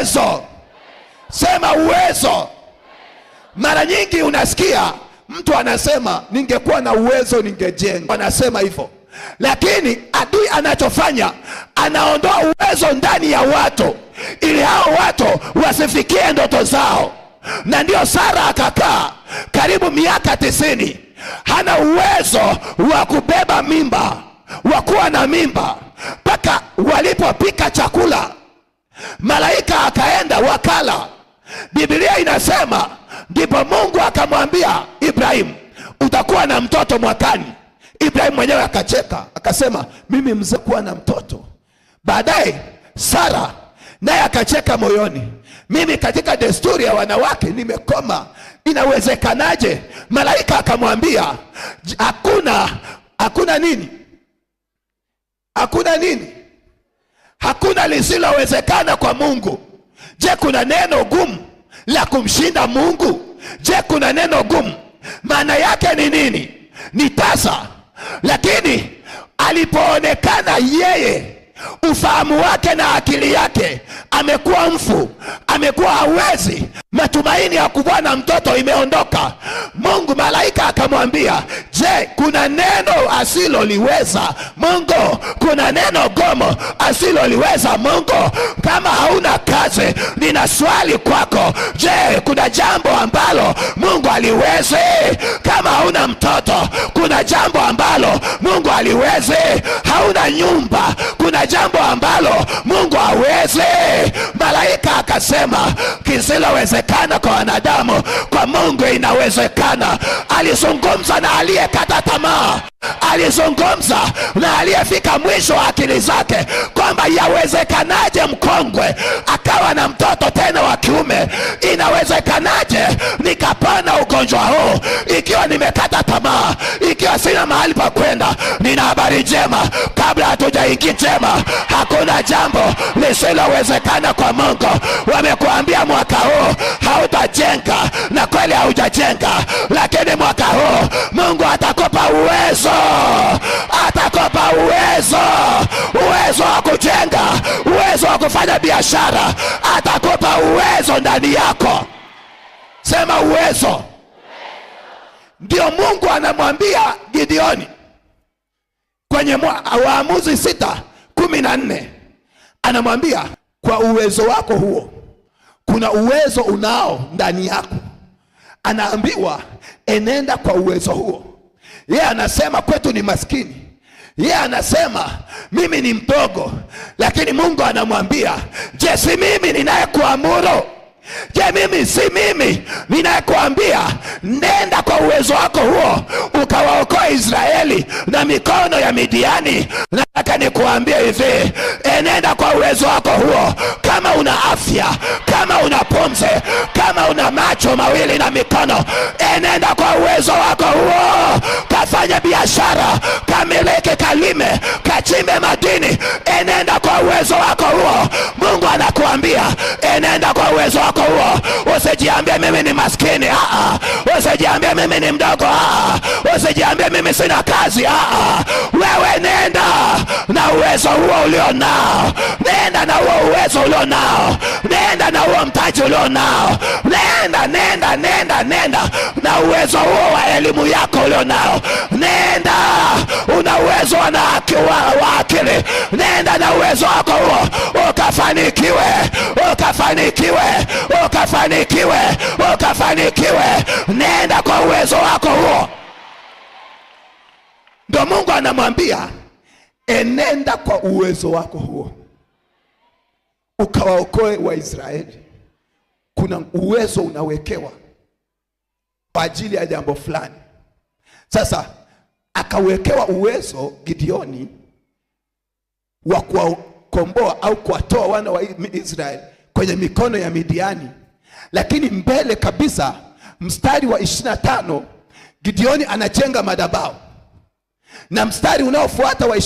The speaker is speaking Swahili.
uwezo. Sema uwezo. Mara nyingi unasikia mtu anasema ningekuwa na uwezo ningejenga, anasema hivyo, lakini adui anachofanya anaondoa uwezo ndani ya watu ili hao watu wasifikie ndoto zao. Na ndiyo Sara akakaa karibu miaka tisini, hana uwezo wa kubeba mimba, wa kuwa na mimba, mpaka walipopika chakula malaika akaenda wakala. Biblia inasema ndipo Mungu akamwambia Ibrahimu, utakuwa na mtoto mwakani. Ibrahimu mwenyewe akacheka akasema, mimi mzee kuwa na mtoto? Baadaye Sara naye akacheka moyoni, mimi katika desturi ya wanawake nimekoma, inawezekanaje? Malaika akamwambia hakuna, hakuna nini, hakuna nini Hakuna lisilowezekana kwa Mungu. Je, kuna neno gumu la kumshinda Mungu? Je, kuna neno gumu? Maana yake ni nini? Ni tasa. Lakini alipoonekana yeye ufahamu wake na akili yake, amekuwa mfu, amekuwa hawezi, matumaini ya kuvua na mtoto imeondoka. Mungu malaika akamwambia, je, kuna neno asiloliweza Mungu? Kuna neno gomo asiloliweza Mungu? Kama hauna kazi nina swali kwako. Je, kuna jambo ambalo Mungu aliwezi? Kama hauna mtoto, kuna jambo ambalo Mungu aliwezi? Hauna nyumba, kuna jambo ambalo Mungu awezi Malaika akasema kisilowezekana kwa wanadamu, kwa Mungu inawezekana. Alizungumza na aliyekata tamaa alizungumza na aliyefika mwisho wa akili zake kwamba yawezekanaje mkongwe akawa na mtoto inawezekanaje nikapana ugonjwa huu ikiwa nimekata tamaa, ikiwa sina mahali pa kwenda? Nina habari njema, kabla hatujaingi njema, hakuna jambo lisilowezekana kwa Mungu. Wamekuambia mwaka huu hautajenga, na kweli haujajenga, lakini mwaka huu Mungu atakupa uwezo biashara, atakupa uwezo ndani yako. Sema uwezo. Ndio Mungu anamwambia Gideoni kwenye Waamuzi sita kumi na nne anamwambia kwa uwezo wako huo, kuna uwezo unao ndani yako. Anaambiwa enenda kwa uwezo huo. Yeye anasema kwetu ni maskini yeye yeah, anasema mimi ni mdogo, lakini Mungu anamwambia je, si mimi ninayekuamuru? Je, mimi si mimi ninayekuambia nenda kwa uwezo wako huo ukawaokoa Israeli na mikono ya Midiani? Nataka nikuambie hivi, enenda kwa uwezo wako huo, kama una afya, kama una pumzi, kama una macho mawili na mikono, enenda kwa uwezo wako huo kafanye biashara, kamiliki, kalime, kachimbe madini, enenda kwa uwezo wako huo. Mungu anakuambia enenda kwa uwezo wako huo, usijiambie mimi ni maskini, ah, ah. usijiambie mimi ni mdogo, ah, usijiambie mimi sina kazi. Aa, wewe nenda na uwezo huo ulio nao, nenda na huo uwezo ulio nao, nenda na huo mtaji ulio nao nenda nenda nenda nenda na uwezo huo wa elimu yako nao nenda una uwezo na akili nenda na uwezo wako huo ukafanikiwe ukafanikiwe ukafanikiwe ukafanikiwe nenda kwa uwezo wako huo ndo mungu anamwambia enenda kwa uwezo wako huo ukawaokoe waisraeli kuna uwezo unawekewa kwa ajili ya jambo fulani. Sasa akawekewa uwezo Gideoni wa kuwakomboa au kuwatoa wana wa Israeli kwenye mikono ya Midiani, lakini mbele kabisa, mstari wa ishirini na tano Gideoni anajenga madhabahu na mstari unaofuata wa